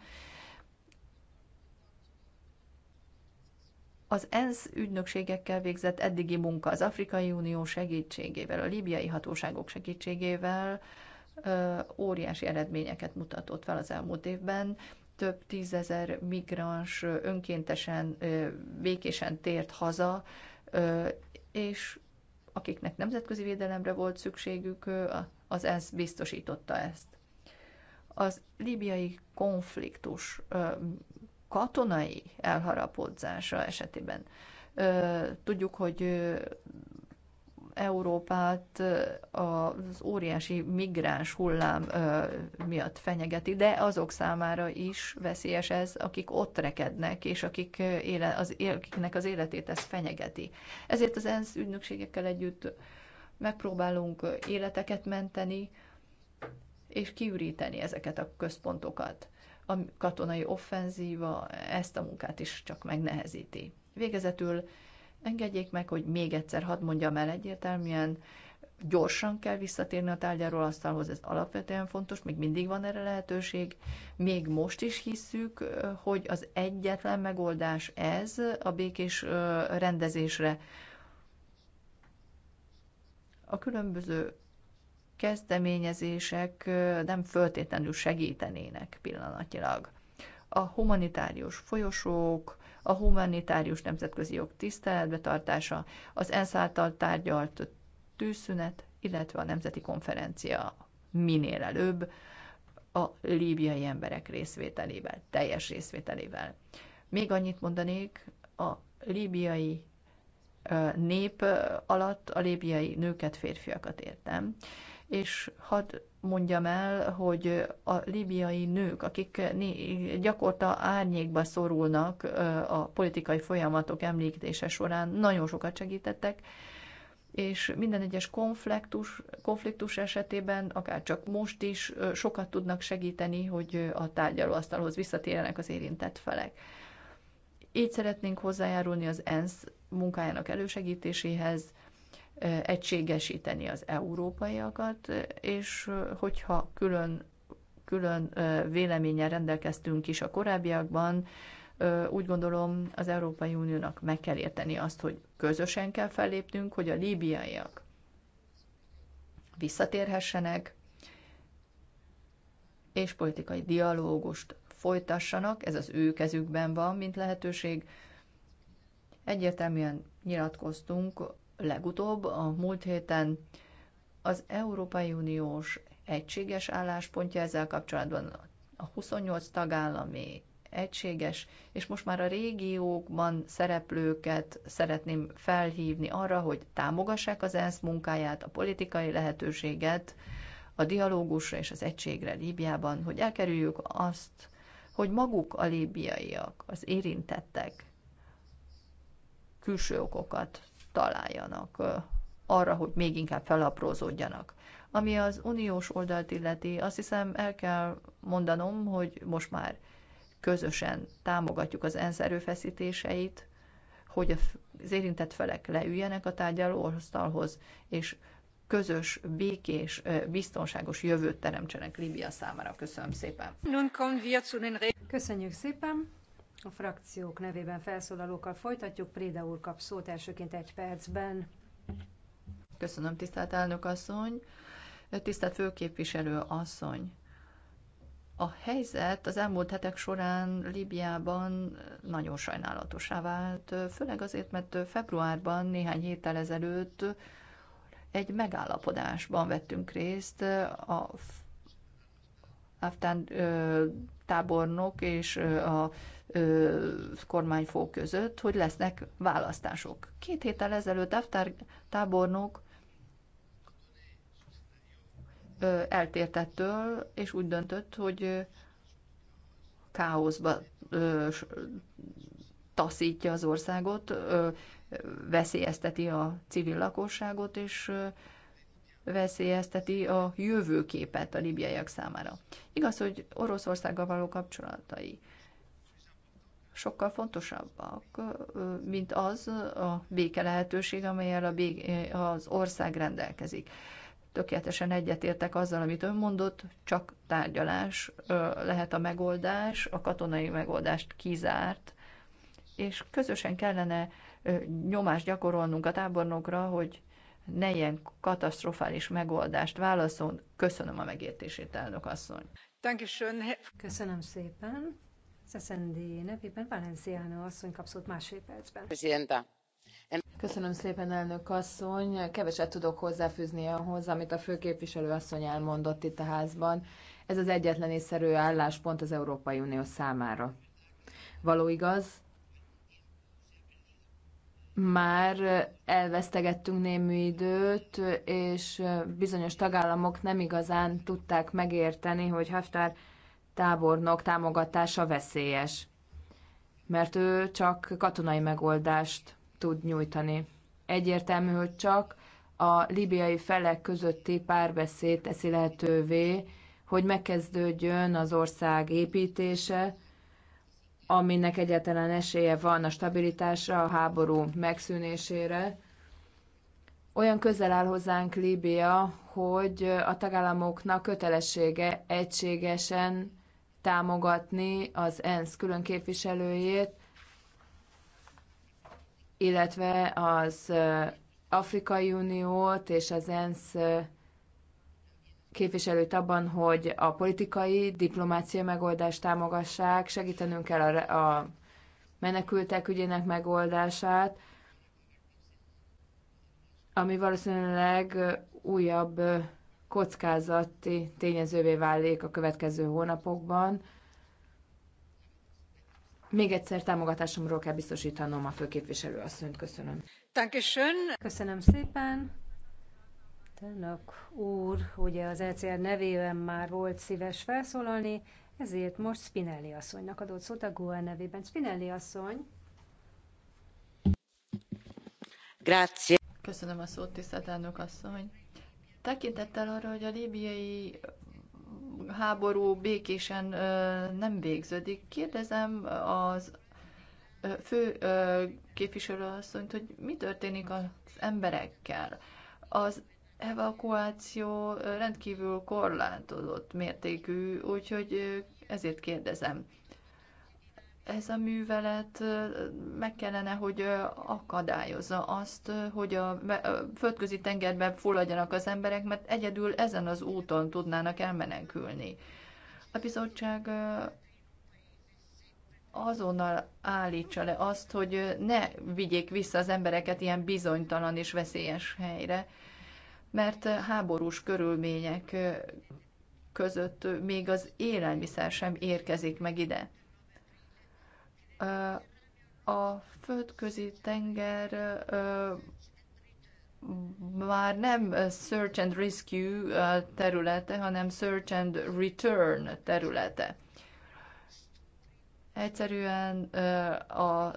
C: az ENSZ ügynökségekkel végzett eddigi munka, az Afrikai Unió segítségével, a líbiai hatóságok segítségével óriási eredményeket mutatott fel az elmúlt évben. Több tízezer migráns önkéntesen, békésen tért haza, és akiknek nemzetközi védelemre volt szükségük, az ENSZ biztosította ezt. Az líbiai konfliktus katonai elharapódzása esetében. Tudjuk, hogy Európát az óriási migráns hullám miatt fenyegeti, de azok számára is veszélyes ez, akik ott rekednek, és akik éle, az, akiknek az életét ez fenyegeti. Ezért az ENSZ ügynökségekkel együtt megpróbálunk életeket menteni, és kiüríteni ezeket a központokat a katonai offenzíva ezt a munkát is csak megnehezíti. Végezetül engedjék meg, hogy még egyszer hadd mondjam el egyértelműen, gyorsan kell visszatérni a tárgyáról asztalhoz, ez alapvetően fontos, még mindig van erre lehetőség. Még most is hisszük, hogy az egyetlen megoldás ez a békés rendezésre. A különböző kezdeményezések nem föltétlenül segítenének pillanatilag. A humanitárius folyosók, a humanitárius nemzetközi jog tiszteletbe tartása, az ENSZ által tárgyalt tűzszünet, illetve a nemzeti konferencia minél előbb a líbiai emberek részvételével, teljes részvételével. Még annyit mondanék, a líbiai nép alatt a líbiai nőket, férfiakat értem, és hadd mondjam el, hogy a libiai nők, akik gyakorta árnyékba szorulnak a politikai folyamatok említése során, nagyon sokat segítettek, és minden egyes konfliktus, konfliktus esetében, akár csak most is sokat tudnak segíteni, hogy a tárgyalóasztalhoz visszatérjenek az érintett felek. Így szeretnénk hozzájárulni az ENSZ munkájának elősegítéséhez, egységesíteni az európaiakat, és hogyha külön, külön véleménnyel rendelkeztünk is a korábbiakban, úgy gondolom az Európai Uniónak meg kell érteni azt, hogy közösen kell fellépnünk, hogy a líbiaiak visszatérhessenek, és politikai dialógust folytassanak, ez az ő kezükben van, mint lehetőség. Egyértelműen nyilatkoztunk legutóbb a múlt héten az Európai Uniós egységes álláspontja ezzel kapcsolatban a 28 tagállami egységes, és most már a régiókban szereplőket szeretném felhívni arra, hogy támogassák az ENSZ munkáját, a politikai lehetőséget, a dialógusra és az egységre Líbiában, hogy elkerüljük azt, hogy maguk a líbiaiak, az érintettek külső okokat találjanak arra, hogy még inkább felaprózódjanak. Ami az uniós oldalt illeti, azt hiszem el kell mondanom, hogy most már közösen támogatjuk az ENSZ erőfeszítéseit, hogy az érintett felek leüljenek a tárgyalóasztalhoz, és közös, békés, biztonságos jövőt teremtsenek Líbia számára. Köszönöm szépen.
A: Köszönjük szépen. A frakciók
C: nevében felszólalókkal folytatjuk. Préda úr kap szót elsőként egy percben. Köszönöm, tisztelt elnök asszony. Tisztelt főképviselő asszony. A helyzet az elmúlt hetek során Líbiában nagyon sajnálatosá vált, főleg azért, mert februárban néhány héttel ezelőtt egy megállapodásban vettünk részt a Aftán tábornok és a kormányfó között, hogy lesznek választások. Két héttel ezelőtt Aftár tábornok eltértettől, és úgy döntött, hogy káoszba taszítja az országot, veszélyezteti a civil lakosságot, és veszélyezteti a jövőképet a libiaiak számára. Igaz, hogy Oroszországgal való kapcsolatai sokkal fontosabbak, mint az a béke lehetőség, amelyel a béke, az ország rendelkezik. Tökéletesen egyetértek azzal, amit ön mondott, csak tárgyalás lehet a megoldás, a katonai megoldást kizárt, és közösen kellene nyomást gyakorolnunk a tábornokra, hogy ne ilyen katasztrofális megoldást válaszol. Köszönöm a megértését, elnök asszony.
A: Köszönöm szépen. Szeszendi nevében Valenciano asszony kapszott másfél percben.
B: Köszönöm szépen, elnök asszony. Keveset tudok hozzáfűzni ahhoz, amit a főképviselő asszony elmondott itt a házban. Ez az egyetlen észszerű álláspont az Európai Unió számára. Való igaz, már elvesztegettünk némi időt, és bizonyos tagállamok nem igazán tudták megérteni, hogy Haftar tábornok támogatása veszélyes, mert ő csak katonai megoldást tud nyújtani. Egyértelmű, hogy csak a libiai felek közötti párbeszéd teszi lehetővé, hogy megkezdődjön az ország építése, aminek egyetlen esélye van a stabilitásra, a háború megszűnésére. Olyan közel áll hozzánk Líbia, hogy a tagállamoknak kötelessége egységesen támogatni az ENSZ külön képviselőjét, illetve az Afrikai Uniót és az ENSZ képviselőt abban, hogy a politikai, diplomáciai megoldást támogassák, segítenünk kell a, a menekültek ügyének megoldását, ami valószínűleg újabb kockázati tényezővé válik a következő hónapokban. Még egyszer támogatásomról kell biztosítanom a főképviselő asszonyt. Köszönöm.
A: Köszönöm szépen. Tenök úr, ugye az ECR nevében már volt szíves felszólalni, ezért most Spinelli asszonynak adott szót a GUE nevében. Spinelli asszony.
C: Grazie. Köszönöm a szót, tisztelt elnök asszony. Tekintettel arra, hogy a líbiai háború békésen nem végződik, kérdezem az fő képviselő asszonyt, hogy mi történik az emberekkel. Az evakuáció rendkívül korlátozott mértékű, úgyhogy ezért kérdezem. Ez a művelet meg kellene, hogy akadályozza azt, hogy a földközi tengerben fulladjanak az emberek, mert egyedül ezen az úton tudnának elmenekülni. A bizottság azonnal állítsa le azt, hogy ne vigyék vissza az embereket ilyen bizonytalan és veszélyes helyre, mert háborús körülmények között még az élelmiszer sem érkezik meg ide. A földközi tenger már nem search and rescue területe, hanem search and return területe. Egyszerűen a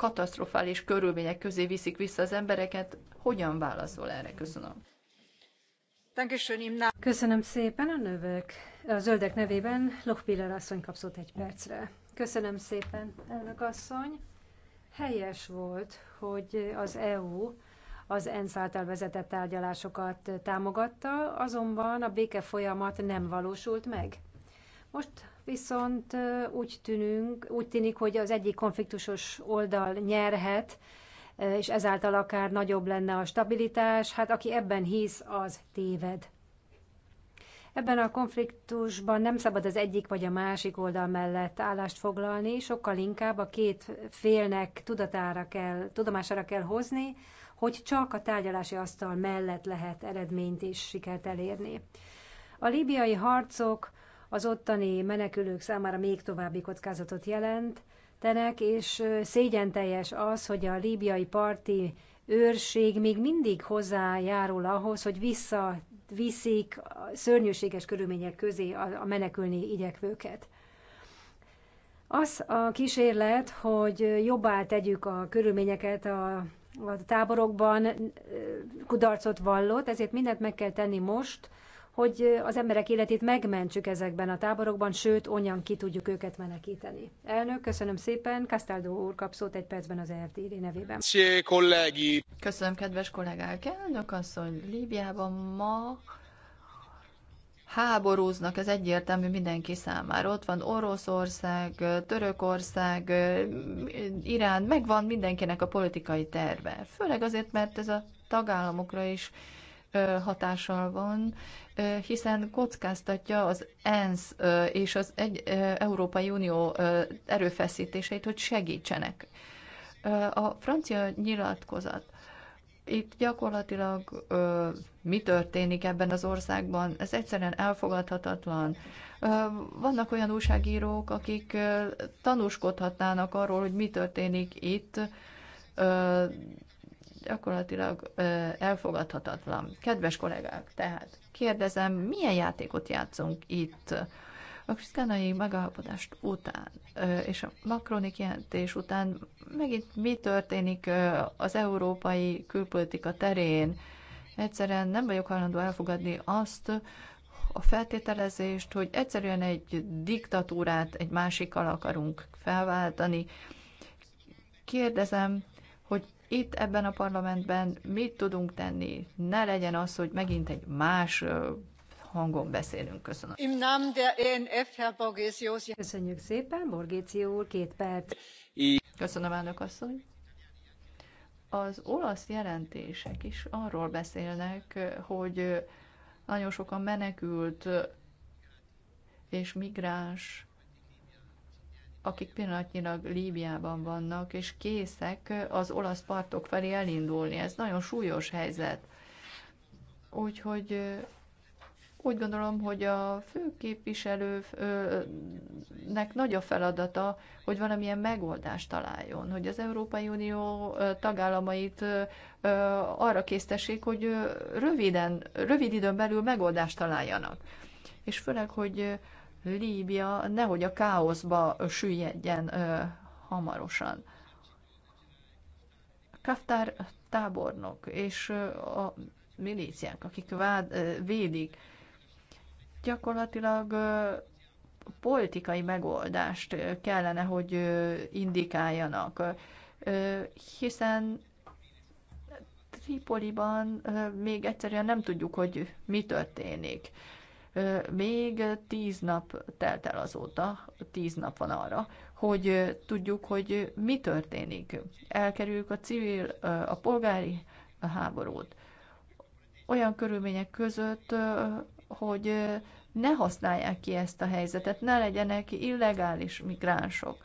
C: katasztrofális körülmények közé viszik vissza az embereket. Hogyan válaszol erre? Köszönöm.
A: Köszönöm szépen a növök. A zöldek nevében Piller asszony kapszott egy percre. Köszönöm szépen, elnök asszony. Helyes volt, hogy az EU az ENSZ által vezetett tárgyalásokat támogatta, azonban a béke folyamat nem valósult meg. Most viszont úgy, tűnünk, úgy tűnik, hogy az egyik konfliktusos oldal nyerhet, és ezáltal akár nagyobb lenne a stabilitás, hát aki ebben hisz, az téved. Ebben a konfliktusban nem szabad az egyik vagy a másik oldal mellett állást foglalni, sokkal inkább a két félnek tudatára kell, tudomására kell hozni, hogy csak a tárgyalási asztal mellett lehet eredményt és sikert elérni. A líbiai harcok az ottani menekülők számára még további kockázatot jelentenek, és szégyen teljes az, hogy a líbiai parti őrség még mindig hozzájárul ahhoz, hogy visszaviszik szörnyűséges körülmények közé a menekülni igyekvőket. Az a kísérlet, hogy jobbá tegyük a körülményeket a, a táborokban, kudarcot vallott, ezért mindent meg kell tenni most, hogy az emberek életét megmentsük ezekben a táborokban, sőt, onnan ki tudjuk őket menekíteni. Elnök, köszönöm szépen. Castaldo úr kap szót egy percben az RTD nevében.
C: Köszönöm, kedves kollégák. Elnök asszony, Líbiában ma háborúznak, ez egyértelmű mindenki számára. Ott van Oroszország, Törökország, Irán, megvan mindenkinek a politikai terve. Főleg azért, mert ez a tagállamokra is hatással van, hiszen kockáztatja az ENSZ és az egy, Európai Unió erőfeszítéseit, hogy segítsenek. A francia nyilatkozat itt gyakorlatilag mi történik ebben az országban, ez egyszerűen elfogadhatatlan. vannak olyan újságírók, akik tanúskodhatnának arról, hogy mi történik itt, gyakorlatilag elfogadhatatlan. Kedves kollégák, tehát kérdezem, milyen játékot játszunk itt? A kriszkánai megállapodást után és a makronik jelentés után megint mi történik az európai külpolitika terén? Egyszerűen nem vagyok hajlandó elfogadni azt, a feltételezést, hogy egyszerűen egy diktatúrát egy másikkal akarunk felváltani. Kérdezem, hogy itt ebben a parlamentben mit tudunk tenni. Ne legyen az, hogy megint egy más hangon beszélünk. Köszönöm. Im
A: Namen der ENF, Herr Borgéziós. Köszönjük szépen,
C: Borgézió úr, két perc. Köszönöm, elnök asszony. Az olasz jelentések is arról beszélnek, hogy nagyon sokan menekült és migráns akik pillanatnyilag Líbiában vannak, és készek az olasz partok felé elindulni. Ez nagyon súlyos helyzet. Úgyhogy úgy gondolom, hogy a főképviselőnek nagy a feladata, hogy valamilyen megoldást találjon, hogy az Európai Unió tagállamait arra késztessék, hogy röviden, rövid időn belül megoldást találjanak. És főleg, hogy Líbia nehogy a káoszba süllyedjen hamarosan. Kaftár tábornok és a milíciák, akik vád, védik, gyakorlatilag politikai megoldást kellene, hogy indikáljanak, hiszen Tripoliban még egyszerűen nem tudjuk, hogy mi történik. Még tíz nap telt el azóta, tíz nap van arra, hogy tudjuk, hogy mi történik. Elkerüljük a civil, a polgári háborút. Olyan körülmények között, hogy ne használják ki ezt a helyzetet, ne legyenek illegális migránsok.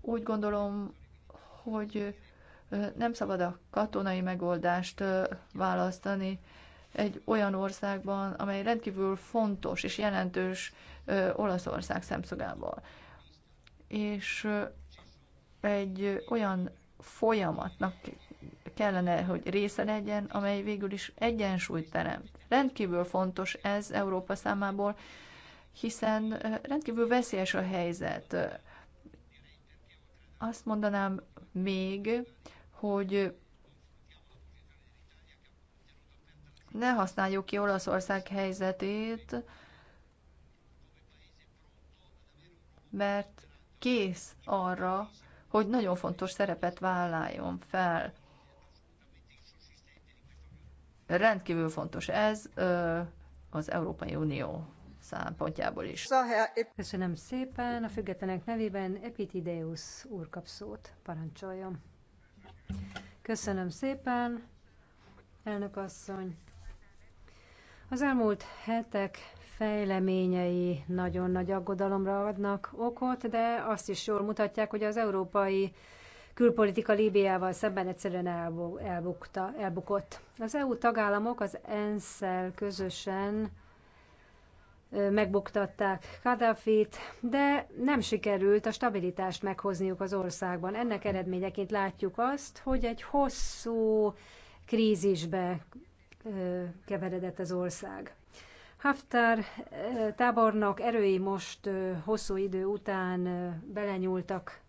C: Úgy gondolom, hogy nem szabad a katonai megoldást választani, egy olyan országban, amely rendkívül fontos és jelentős Olaszország szemszögából. És egy olyan folyamatnak kellene, hogy része legyen, amely végül is egyensúlyt teremt. Rendkívül fontos ez Európa számából, hiszen rendkívül veszélyes a helyzet. Azt mondanám még, hogy ne használjuk ki Olaszország helyzetét, mert kész arra, hogy nagyon fontos szerepet vállaljon fel. Rendkívül fontos ez az Európai Unió szempontjából is. Köszönöm szépen. A függetlenek
A: nevében Epitideus úr kap szót. Parancsoljon. Köszönöm szépen, elnök asszony. Az elmúlt hetek fejleményei nagyon nagy aggodalomra adnak okot, de azt is jól mutatják, hogy az európai külpolitika Líbiával szemben egyszerűen elbukta, elbukott. Az EU tagállamok az ensz közösen megbuktatták Kaddafit, de nem sikerült a stabilitást meghozniuk az országban. Ennek eredményeként látjuk azt, hogy egy hosszú krízisbe keveredett az ország. Haftar tábornok erői most hosszú idő után belenyúltak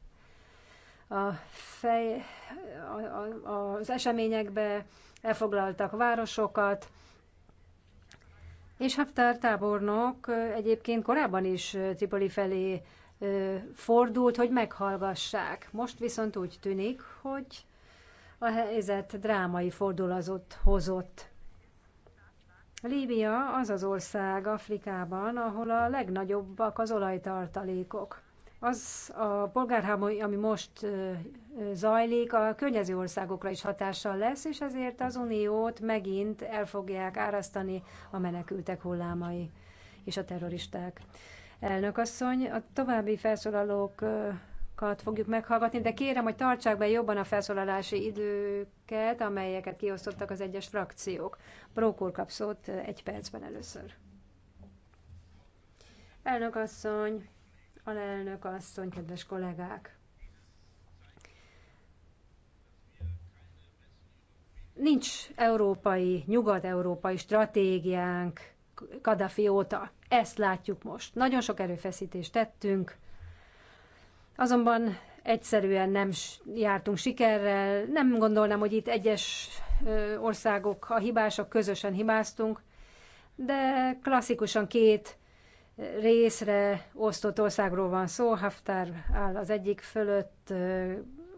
A: a fej, a, a, az eseményekbe, elfoglaltak városokat, és Haftar tábornok egyébként korábban is Tripoli felé fordult, hogy meghallgassák. Most viszont úgy tűnik, hogy a helyzet drámai fordulatot hozott. Líbia az az ország Afrikában, ahol a legnagyobbak az olajtartalékok. Az a polgárháború, ami most zajlik, a környező országokra is hatással lesz, és ezért az Uniót megint el fogják árasztani a menekültek hullámai és a terroristák. Elnök asszony, a további felszólalók kollégákat fogjuk meghallgatni, de kérem, hogy tartsák be jobban a felszólalási időket, amelyeket kiosztottak az egyes frakciók. Brókor kap szót eh, egy percben először. Elnök asszony, alelnök asszony, kedves kollégák! Nincs európai, nyugat-európai stratégiánk Kadafi óta. Ezt látjuk most. Nagyon sok erőfeszítést tettünk, Azonban egyszerűen nem jártunk sikerrel, nem gondolnám, hogy itt egyes országok a hibások, közösen hibáztunk, de klasszikusan két részre osztott országról van szó. Haftar áll az egyik fölött,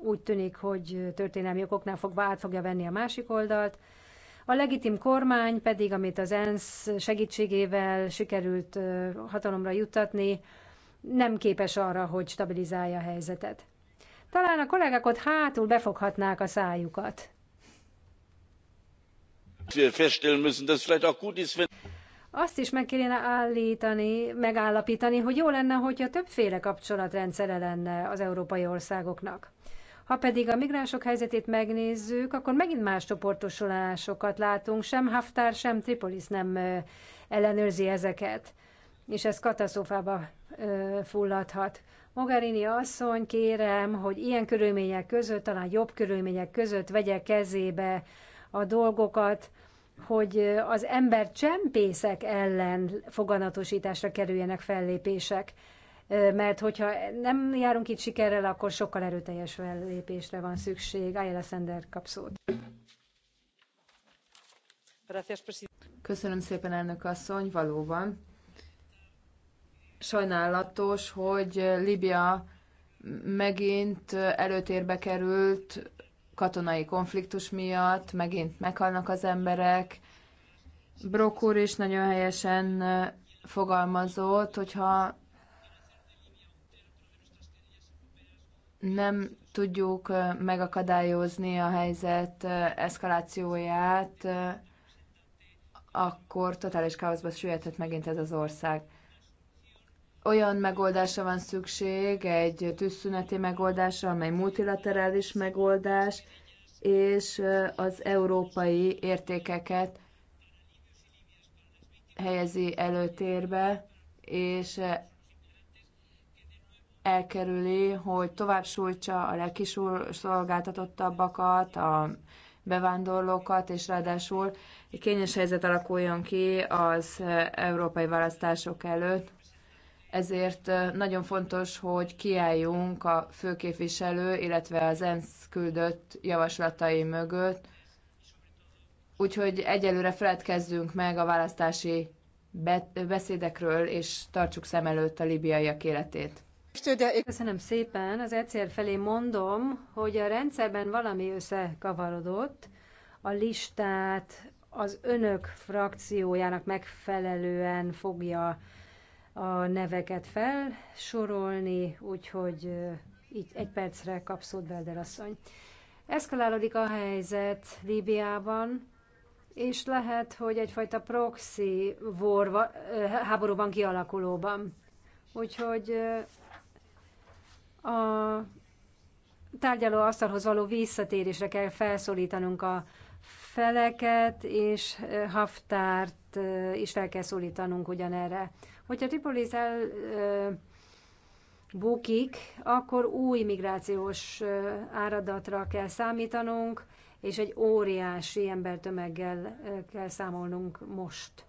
A: úgy tűnik, hogy történelmi okoknál fogva át fogja venni a másik oldalt. A legitim kormány pedig, amit az ENSZ segítségével sikerült hatalomra juttatni, nem képes arra, hogy stabilizálja a helyzetet. Talán a kollégák ott hátul befoghatnák a szájukat. Azt is meg kellene állítani, megállapítani, hogy jó lenne, hogyha többféle kapcsolatrendszere lenne az európai országoknak. Ha pedig a migránsok helyzetét megnézzük, akkor megint más csoportosulásokat látunk, sem Haftar, sem Tripolis nem ellenőrzi ezeket és ez katasztrófába fulladhat. Mogherini asszony, kérem, hogy ilyen körülmények között, talán jobb körülmények között vegye kezébe a dolgokat, hogy az ember csempészek ellen foganatosításra kerüljenek fellépések. Mert hogyha nem járunk itt sikerrel, akkor sokkal erőteljes fellépésre van szükség. Ayala Sender kap szót.
B: Köszönöm szépen, elnök asszony, valóban Sajnálatos, hogy Libya megint előtérbe került katonai konfliktus miatt, megint meghalnak az emberek. Brok úr is nagyon helyesen fogalmazott, hogyha nem tudjuk megakadályozni a helyzet eszkalációját, akkor totális káoszba süllyedhet megint ez az ország olyan megoldásra van szükség, egy tűzszüneti megoldásra, amely multilaterális megoldás, és az európai értékeket helyezi előtérbe, és elkerüli, hogy tovább sújtsa a legkiszolgáltatottabbakat, a bevándorlókat, és ráadásul egy kényes helyzet alakuljon ki az európai választások előtt, ezért nagyon fontos, hogy kiálljunk a főképviselő, illetve az ENSZ küldött javaslatai mögött, úgyhogy egyelőre feledkezzünk meg a választási beszédekről, és tartsuk szem előtt a libiaiak életét.
A: Köszönöm szépen. Az egyszer felé mondom, hogy a rendszerben valami összekavarodott. A listát az önök frakciójának megfelelően fogja a neveket felsorolni, úgyhogy így egy percre kapszód Belder asszony. Eszkalálódik a helyzet Líbiában, és lehet, hogy egyfajta proxy vorva, háborúban kialakulóban. Úgyhogy a tárgyaló asztalhoz való visszatérésre kell felszólítanunk a feleket, és Haftárt is fel kell szólítanunk ugyanerre. Hogyha Tripolis el bukik, akkor új migrációs áradatra kell számítanunk, és egy óriási embertömeggel kell számolnunk most.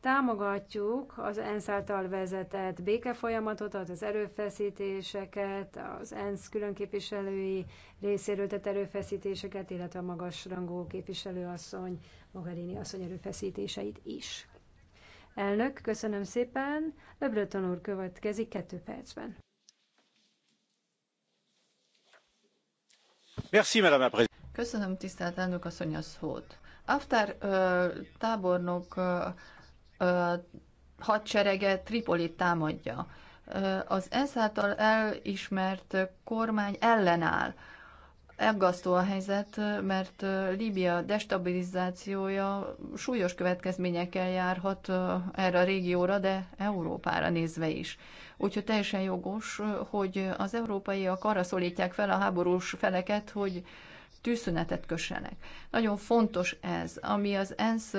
A: Támogatjuk az ENSZ által vezetett békefolyamatot, az erőfeszítéseket, az ENSZ különképviselői részéről tett erőfeszítéseket, illetve a magasrangú képviselőasszony, Mogherini asszony erőfeszítéseit is. Elnök, köszönöm szépen. Lebröton úr következik kettő percben.
C: Merci, madame la présidente. Köszönöm, tisztelt elnök asszony, a szót. Aftár ö, tábornok ö, ö, hadserege Tripolit támadja. Ö, az ENSZ által elismert kormány ellenáll. Ö, Aggasztó a helyzet, mert Líbia destabilizációja súlyos következményekkel járhat erre a régióra, de Európára nézve is. Úgyhogy teljesen jogos, hogy az európaiak arra szólítják fel a háborús feleket, hogy tűzszünetet kössenek. Nagyon fontos ez, ami az ENSZ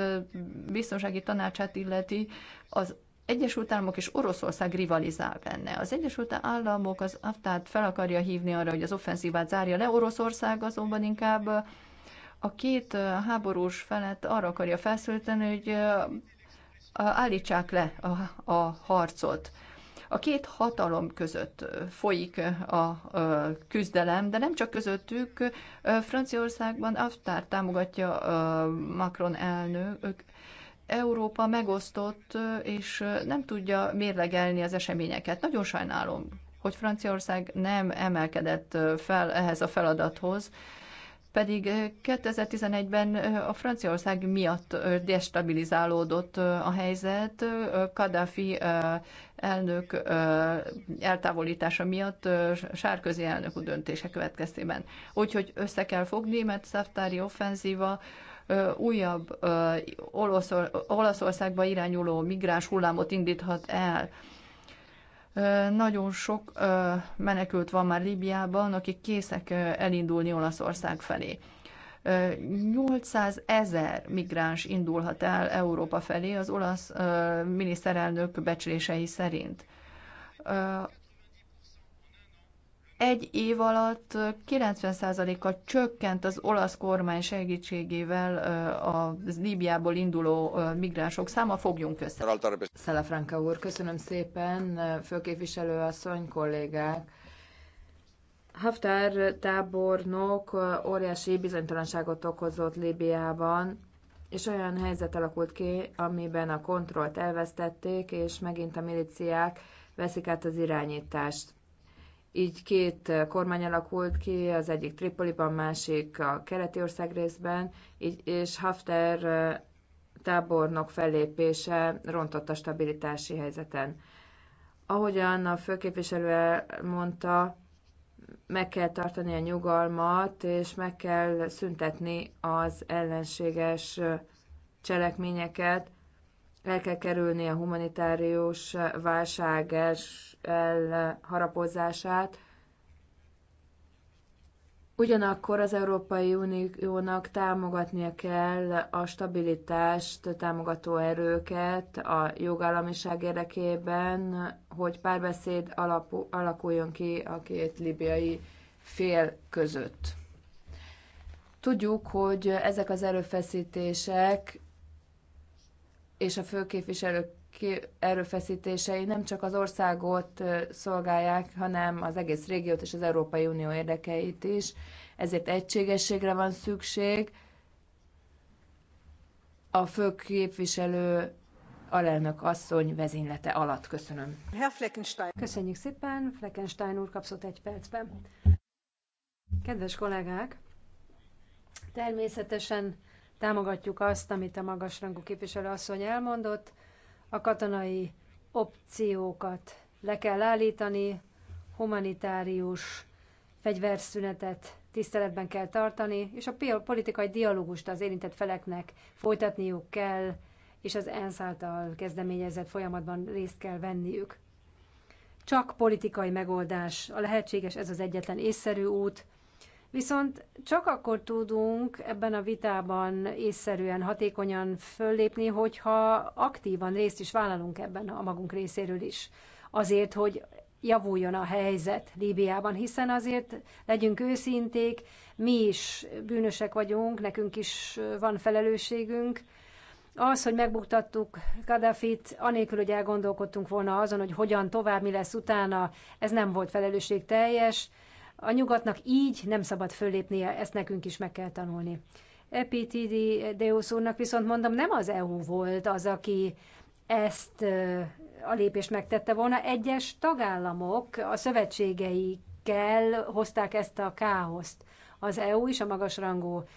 C: biztonsági tanácsát illeti, az Egyesült Államok és Oroszország rivalizál benne. Az Egyesült Államok az aftát fel akarja hívni arra, hogy az offenzívát zárja le, Oroszország azonban inkább a két háborús felet arra akarja felszülteni, hogy állítsák le a, a harcot. A két hatalom között folyik a küzdelem, de nem csak közöttük. Franciaországban Aftár támogatja Macron elnök, Európa megosztott, és nem tudja mérlegelni az eseményeket. Nagyon sajnálom, hogy Franciaország nem emelkedett fel ehhez a feladathoz, pedig 2011-ben a Franciaország miatt destabilizálódott a helyzet, Kadhafi elnök eltávolítása miatt Sárközi elnök döntése következtében. Úgyhogy össze kell fogni, mert Szaftári offenzíva újabb Olaszországba irányuló migráns hullámot indíthat el. Nagyon sok menekült van már Líbiában, akik készek elindulni Olaszország felé. 800 ezer migráns indulhat el Európa felé az olasz miniszterelnök becslései szerint egy év alatt 90%-kal csökkent az olasz kormány segítségével a Líbiából induló migránsok száma. Fogjunk össze. Franka úr, köszönöm szépen, főképviselő asszony, kollégák.
B: Haftar tábornok óriási bizonytalanságot okozott Líbiában, és olyan helyzet alakult ki, amiben a kontrollt elvesztették, és megint a miliciák veszik át az irányítást így két eh, kormány alakult ki, az egyik Tripoliban, másik a keleti ország részben, így, és Hafter eh, tábornok fellépése rontott a stabilitási helyzeten. Ahogyan a főképviselő mondta, meg kell tartani a nyugalmat, és meg kell szüntetni az ellenséges eh, cselekményeket, el kell kerülni a humanitárius válság elharapozását. Ugyanakkor az Európai Uniónak támogatnia kell a stabilitást, támogató erőket a jogállamiság érdekében, hogy párbeszéd alapú, alakuljon ki a két libiai fél között. Tudjuk, hogy ezek az erőfeszítések és a főképviselők erőfeszítései nem csak az országot szolgálják, hanem az egész régiót és az Európai Unió érdekeit is. Ezért egységességre van szükség. A fő képviselő alelnök asszony vezénylete alatt. Köszönöm.
A: Herr Fleckenstein. Köszönjük szépen. Fleckenstein úr kapszott egy percben. Kedves kollégák, természetesen támogatjuk azt, amit a magasrangú képviselő asszony elmondott, a katonai opciókat le kell állítani, humanitárius fegyverszünetet tiszteletben kell tartani, és a politikai dialógust az érintett feleknek folytatniuk kell, és az ENSZ által kezdeményezett folyamatban részt kell venniük. Csak politikai megoldás a lehetséges, ez az egyetlen észszerű út, Viszont csak akkor tudunk ebben a vitában észszerűen, hatékonyan föllépni, hogyha aktívan részt is vállalunk ebben a magunk részéről is. Azért, hogy javuljon a helyzet Líbiában, hiszen azért legyünk őszinték, mi is bűnösek vagyunk, nekünk is van felelősségünk. Az, hogy megbuktattuk Kadafit, anélkül, hogy elgondolkodtunk volna azon, hogy hogyan tovább, mi lesz utána, ez nem volt felelősség teljes a nyugatnak így nem szabad föllépnie, ezt nekünk is meg kell tanulni. EPTD Deus úrnak viszont mondom, nem az EU volt az, aki ezt a lépést megtette volna. Egyes tagállamok a szövetségeikkel hozták ezt a káoszt. Az EU is a magasrangú